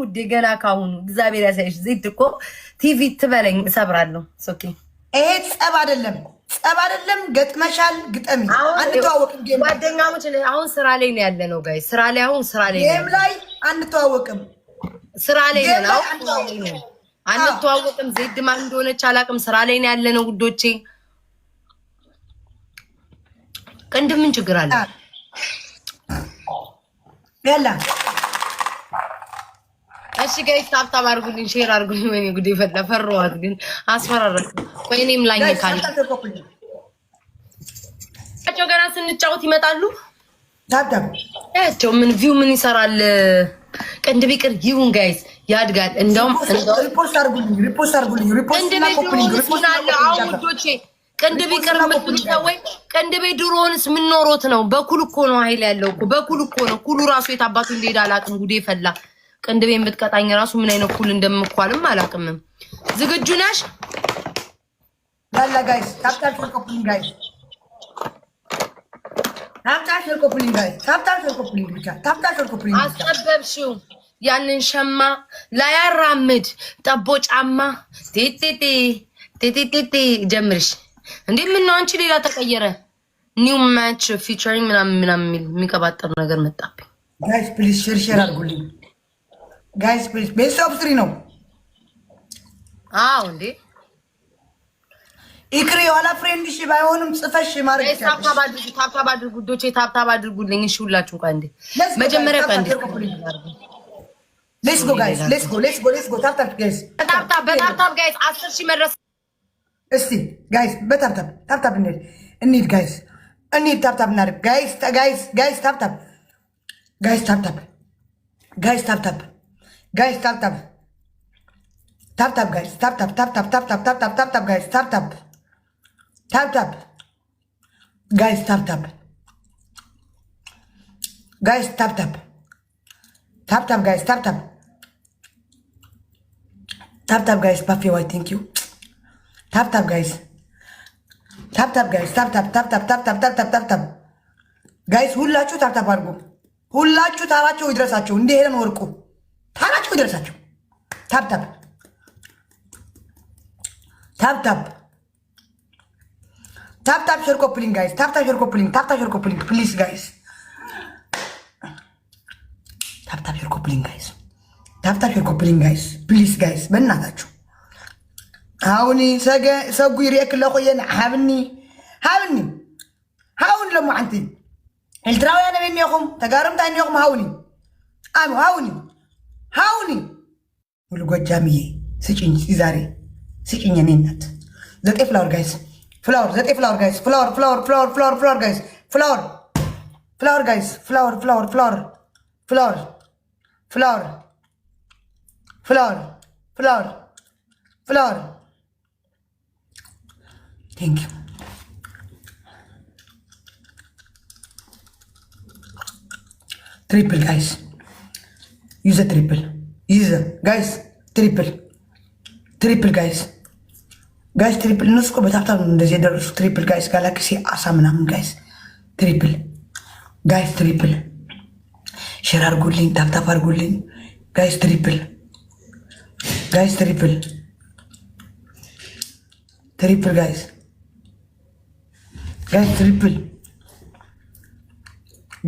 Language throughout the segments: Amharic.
ውዴ ገና ካሁኑ እግዚአብሔር ያሳይሽ። ዜድ እኮ ቲቪ ትበለኝ እሰብራለሁ። ሶኬ ይሄ ጸብ አይደለም፣ ጸብ አይደለም። ገጥመሻል፣ ግጠሚ። አንተዋወቅም። ጓደኛሞች አሁን ስራ ላይ ነው ያለ ነው። ጋይ ስራ ላይ አሁን ስራ ላይ ነው ላይ አንተዋወቅም። ስራ ላይ ነው አንተዋወቅም። ዜድ ማን እንደሆነች አላውቅም። ስራ ላይ ነው ያለ ነው ውዶቼ። ቅንድምን ችግር አለ? ያላ እሺ ጋይስ ታብታብ አድርጉልኝ፣ ሼር አድርጉልኝ። ወይኔ ጉዴ ፈላ ፈራኋት፣ ግን አስፈራራችሁ። ወይኔም ላይ ካለ ገና ስንጫወት ይመጣሉ። ታብታብ ያቸው ምን ቪው ምን ይሰራል? ቅንድብ ይቅር ይሁን ጋይስ፣ ያድጋል። እንደውም ሪፖርት አድርጉልኝ፣ ሪፖርት አድርጉልኝ፣ ሪፖርት ቅንድብ ይቅር የምትሉት ወይ ቅንድቤ ድሮውንስ ምን ኖሮት ነው? በኩል እኮ ነው ኃይል ያለው እኮ በኩል እኮ ነው። ኩሉ ራሱ የታባቱ እንደሄደ አላውቅም። ጉዴ ፈላ ቅንድቤን ብትቀጣኝ ራሱ ምን አይነት ኩል እንደምኳልም አላውቅምም። ዝግጁ ነሽ? አስጠበብሽው ያንን ሸማ ላያራምድ ጠቦ ጫማ ቴቴቴ ቴቴቴቴ ጀምርሽ እንዴ! ምን ነው አንቺ ሌላ ተቀየረ? ኒው ማች ፊቸሪንግ ምናምን ምናምን የሚል የሚቀባጠሩ ነገር መጣብኝ። ጋይስ ፕሊዝ ሼር ሼር አድርጉልኝ። ጋይስ ፕሊዝ ቤስት ኦፍ ትሪ ነው። አዎ እንዴ ኢክሪ የኋላ ፍሬንድሽ ባይሆንም ጽፈሽ ማድረግ ታብታብ አድርጉ ዶቼ ታብታብ አድርጉልኝ። እሺ ሁላችሁ ቃ መጀመሪያ ቃ እንዴ ጎ ጋይስ ሌትስ ጎ ሌትስ ጎ ሌትስ ጎ ታብታብ ጋይስ ታብታብ በታብታብ ጋይስ አስር ሺህ መድረስ እስቲ ጋይስ በታብታብ ታብታብ እንሂድ እንሂድ ጋይስ እንሂድ ታብታብ እናድርግ ጋይስ ጋይስ ጋይስ ታብታብ ጋይስ ታብታብ ጋይስ ታብታብ ጋይስ ታብታብ ታብታብ ጋይስ ታብታብ ታብታብ ታብታብ ታብታብ ታብታብ ጋይስ ታብታብ ታብታብ ጋይስ ታብታብ ጋይስ ታብታብ ታብታብ ጋይስ ታብታብ ታብታብ ጋይስ ባፌ ዋይ ቴንክ ዩ ታብታብ ጋይስ ታብታብ ጋይስ ታብታብ ታብታብ ታብታብ ታብታብ ታብታብ ጋይስ ሁላችሁ ታብታብ አድርጉ። ሁላችሁ ታባቸው ይድረሳችሁ። እንዲህ ሄደን ወርቁ ታናቸው ይደርሳቸው። ታብታብ ታብታብ ታብታብ ሸር ኮፕሊንግ ጋይስ፣ ታብታብ ሸር ኮፕሊንግ፣ ታብታብ ሸር ኮፕሊንግ ፕሊዝ ጋይስ፣ ታብታብ ሸር ኮፕሊንግ ጋይስ፣ ታብታብ ሸር ኮፕሊንግ ጋይስ ፕሊዝ ጋይስ፣ በእናታችሁ አሁን ሰገ ሰጉ ይሪክ ለቆየን ሀብኒ ሀብኒ ሀውን ለሞ ዓንቲ ኤልትራውያን እኔ እኒኹም ተጋርምታ እኒኹም ሀውኒ ኣኑ ሀውኒ አሁን ሙሉ ጎጃምዬ ስጭኝ፣ ዛሬ ስጭኝ። እኔ እናት ዘጠኝ ፍላወር ጋይስ ፍላወር ዘጠኝ ፍላወር ጋይስ ፍላወር ፍላወር ፍላወር ፍላወር ፍላወር ጋይስ ፍላወር ፍላወር ጋይስ ፍላወር ፍላወር ፍላወር ፍላወር ፍላወር ፍላወር ፍላወር ፍላወር ቴንክ ዩ ትሪፕል ጋይስ ዩዘ ትሪፕል ይዘ ጋይስ ትሪፕል ትሪፕል ጋይስ ጋይስ ትሪፕል እነሱ እኮ በታብታብ እንደዚህ የደረሱ ትሪፕል ጋይስ ጋላክሲ አሳ ምናምን ጋይስ ትሪፕል ጋይስ ትሪፕል ሼር አርጉልኝ፣ ታብታብ አርጉልኝ ጋይስ ትሪፕል ጋይስ ትሪፕል ትሪፕል ጋይስ ጋይስ ትሪፕል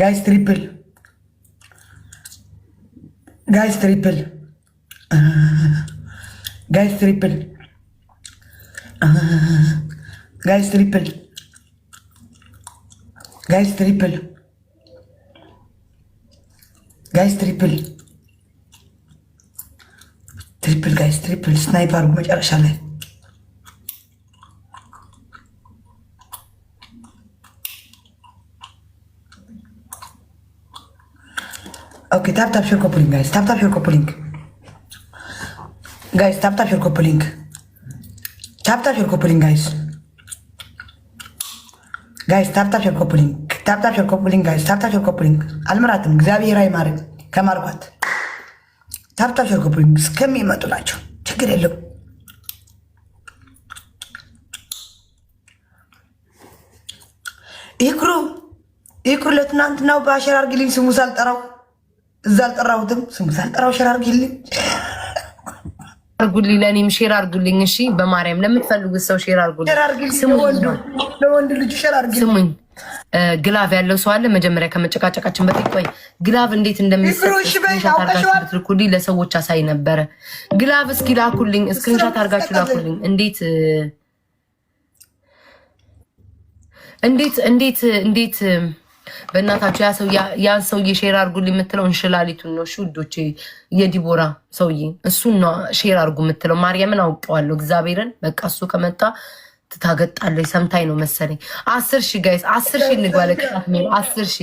ጋይስ ትሪፕል ጋይስ ትሪፕል ጋይስ ትሪፕል ጋይስ ትሪፕል ጋይስ ትሪፕል ጋይስ ትሪፕል ትሪፕል ጋይስ ትሪፕል ስናይፕ መጨረሻ ላይ Okay, tap tap your coupling, guys. Tap tap your coupling. Guys, tap tap your coupling. Tap tap your coupling, guys. ጋይስ ታፕታፕ ሸር ኮፕሊንግ ታፕታፕ ሸር ኮፕሊንግ ጋይስ ታፕታፕ ሸር ኮፕሊንግ አልምራትም። እግዚአብሔር አይማርም ከማርኳት ታፕታፕ ሸር ኮፕሊንግ እስከሚመጡ ናቸው። ችግር የለው ይክሩ ይክሩ ለትናንትናው በአሸር አርግልኝ ስሙ ሳልጠራው እዛ አልጠራሁትም። ስሙ ሳልጠራው ሼር አድርጊልኝ አርጉልኝ ለእኔም ሼር አርጉልኝ። እሺ በማርያም ለምትፈልጉት ሰው ሼር አርጉልኝ። ለወንድ ልጅ ሼር አርጉልኝ። ስሙኝ፣ ግላቭ ያለው ሰው አለ። መጀመሪያ ከመጨቃጨቃችን በፊት ቆይ፣ ግላቭ እንዴት እንደሚሰሩልኝ ለሰዎች አሳይ ነበረ። ግላቭ እስኪ ላኩልኝ፣ እስክሪንሻት አርጋችሁ ላኩልኝ። እንዴት እንዴት እንዴት እንዴት በእናታቸው ያን ሰውዬ ሼር አድርጉልኝ የምትለው እንሽላሊቱን ነው። ውዶች የዲቦራ ሰውዬ እሱን ነው ሼር አድርጉ የምትለው። ማርያምን አውቀዋለሁ እግዚአብሔርን በቃ እሱ ከመጣ ትታገጣለች። ሰምታኝ ነው መሰለኝ። አስር ሺ ጋይስ አስር ሺ እንግባለ አስር ሺ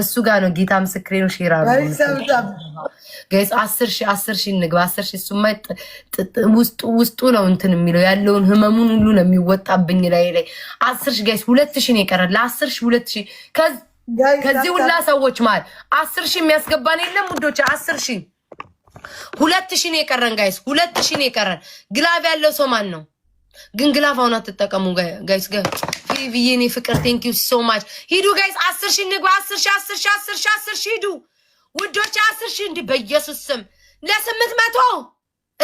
እሱ ጋ ነው ጌታ ምስክሬ ነው። ሼር ጋይስ አስር ሺ አስር ሺ እንግባ አስር ሺ እሱ ውስጡ ውስጡ ነው እንትን የሚለው ያለውን ህመሙን ሁሉ ነው የሚወጣብኝ ላይ ላይ አስር ሺ ጋይስ ሁለት ሺ ነው የቀረ ለአስር ሺ ሁለት ሺ ከዚ ከዚህ ሁላ ሰዎች ማለት አስር ሺህ የሚያስገባን የለም ውዶች፣ አስር ሺህ ሁለት ሺህ ነው የቀረን ጋይስ፣ ሁለት ሺህ ነው የቀረን። ግላቭ ያለው ሰው ማን ነው? ግን ግላቭ አሁን አትጠቀሙ ጋይስ። ቪቪዬ እኔ ፍቅር ቴንክ ዩ ሶ ማች። ሂዱ ጋይስ፣ አስር ሺህ ንግባ። አስር ሺህ አስር ሺህ አስር ሺህ አስር ሺህ ሂዱ ውዶች፣ አስር ሺህ እንዲህ በኢየሱስ ስም ለስምንት መቶ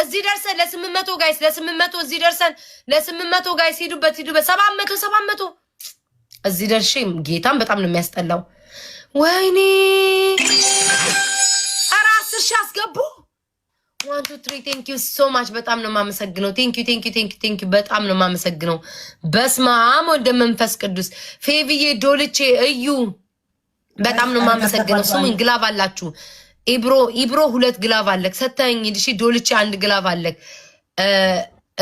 እዚህ ደርሰን ለስምንት መቶ ጋይስ፣ ለስምንት መቶ እዚህ ደርሰን ለስምንት መቶ ጋይስ፣ ሂዱበት ሂዱበት። ሰባት መቶ ሰባት መቶ እዚህ ደርሼ ጌታም በጣም ነው የሚያስጠላው። ወይኔ ኧረ አስር ሺህ አስገቡ። ዋን ቱ ትሪ ቴንክ ዩ ሶ ማች። በጣም ነው የማመሰግነው። ቴንክ ዩ ቴንክ ዩ ቴንክ ዩ ቴንክ ዩ። በጣም ነው የማመሰግነው። በስመ አብ መንፈስ ቅዱስ። ፌቪዬ ዶልቼ እዩ በጣም ነው የማመሰግነው። ስሙኝ ግላብ አላችሁ ኢብሮ ኢብሮ ሁለት ግላብ አለክ ሰተኝ ድሺ ዶልቼ አንድ ግላብ አለክ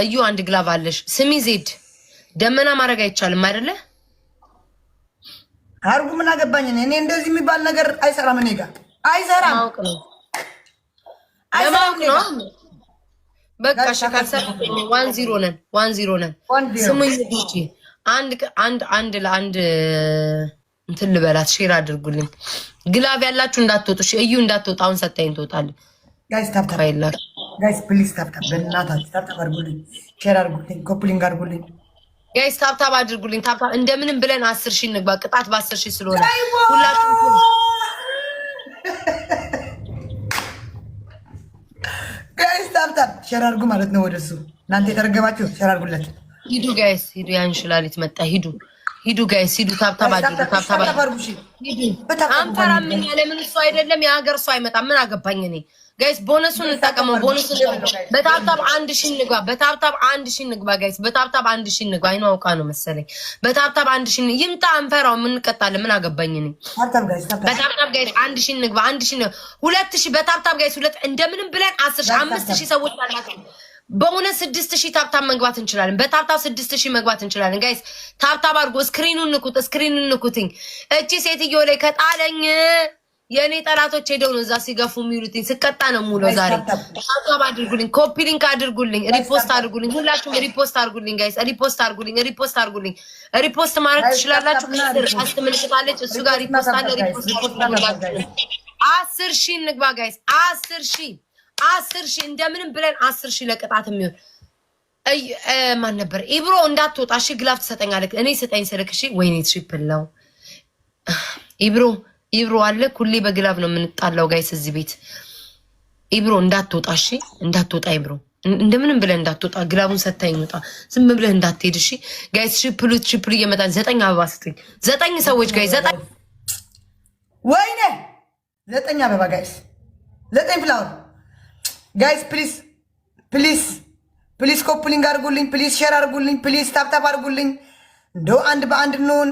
እዩ አንድ ግላብ አለሽ። ስሚ ዜድ ደመና ማድረግ አይቻልም አይደለ? አርጉ ምን አገባኝ እኔ። እንደዚህ የሚባል ነገር አይሰራም፣ እኔ ጋር አይሰራም። በቃ ዋን ዚሮ ነን፣ ዋን ዚሮ ነን። ስሙኝ ልጆቼ፣ አንድ አንድ አንድ ለአንድ እንትን ልበላት፣ ሼር አድርጉልኝ። ግላብ ያላችሁ እንዳትወጡ፣ እዩ እንዳትወጡ አሁን ሰታይን ትወጣለች። ጋይስ ታብታብ፣ ጋይስ ፕሊዝ ታብታብ፣ በእናታችሁ ታብታብ አድርጉልኝ፣ ሼር አድርጉልኝ፣ ኮፕሊንግ አድርጉልኝ። ጋይስ ታብታብ አድርጉልኝ። ታብታብ እንደምንም ብለን አስር ሺህ እንግባ። ቅጣት በአስር ሺህ ስለሆነ ሁላችሁም ጋይስ ታብታብ ሸር አድርጉ ማለት ነው። ወደሱ እናንተ የተረገማችሁ ሸር አድርጉለት። ሂዱ ጋይስ ሂዱ። ያንሽላሊት መጣ ሂዱ። ሂዱ ጋይስ ሂዱ፣ ታብታብ አድርጉ። ምን ያለ ምን እሱ አይደለም የሀገር እሱ አይመጣም። ምን አገባኝ እኔ። ጋይስ ቦነሱን እንጠቀመው። ቦነሱን በታብታብ አንድ ሺህ እንግባ። በታብታብ አንድ ሺህ እንግባ ጋይስ። በታብታብ አንድ ሺህ እንግባ። አይኑ አውቃ ነው መሰለኝ። በታብታብ አንድ ይምጣ። አንፈራው። ምን እንቀጣለን? ምን አገባኝ እኔ። በታብታብ ጋይስ አንድ ሺህ እንግባ። አንድ ሁለት በታብታብ ጋይስ ሁለት እንደምንም ብለን አስር ሺህ አምስት ሰዎች አላቸው በእውነት ስድስት ሺህ ታብታብ መግባት እንችላለን። በታብታብ ስድስት ሺህ መግባት እንችላለን። ጋይስ ታብታብ አድርጎ ስክሪኑን ንኩት፣ ስክሪኑን ንኩትኝ። እቺ ሴትዮ ላይ ከጣለኝ የእኔ ጠላቶች ሄደው ነው እዛ ሲገፉ የሚሉትኝ። ስቀጣ ነው ሙሎ ዛሬ። ታብታብ አድርጉልኝ፣ ኮፒ ሊንክ አድርጉልኝ፣ ሪፖስት አድርጉልኝ። ሁላችሁም ሪፖስት አድርጉልኝ ጋይስ፣ ሪፖስት አድርጉልኝ፣ ሪፖስት አድርጉልኝ። ሪፖስት ማድረግ ትችላላችሁ። ከስር አስተምልክታለች፣ እሱ ጋር ሪፖስት አለ። ሪፖስት አድርጉላችሁ። አስር ሺህ እንግባ ጋይስ፣ አስር ሺህ አስር ሺህ እንደምንም ብለን አስር ሺህ ለቅጣት የሚሆን ማን ነበር? ኢብሮ እንዳትወጣ እሺ፣ ግላፍ ትሰጠኛለህ። እኔ ሰጠኝ ስልክ እሺ። ወይኔ ትሪፕል ነው ኢብሮ ኢብሮ አለ። ሁሌ በግላፍ ነው የምንጣላው ጋይስ እዚህ ቤት። ኢብሮ እንዳትወጣ እሺ፣ እንዳትወጣ ኢብሮ እንደምንም ብለህ እንዳትወጣ። ግላቡን ሰታኝ ወጣ። ዝም ብለህ እንዳትሄድ እሺ ጋይስ። ሽፕሉ ሽፕሉ እየመጣን ዘጠኝ አበባ ስጥኝ። ዘጠኝ ሰዎች ጋይስ፣ ዘጠኝ ወይኔ፣ ዘጠኝ አበባ ጋይስ፣ ዘጠኝ ፍላወር ጋይስ ፕሊስ ፕሊስ ፕሊስ ኮፕሊንግ አድርጉልኝ። ፕሊስ ሼር አድርጉልኝ። ፕሊስ ታፕታፕ አድርጉልኝ። እንደው አንድ በአንድ እንሆን።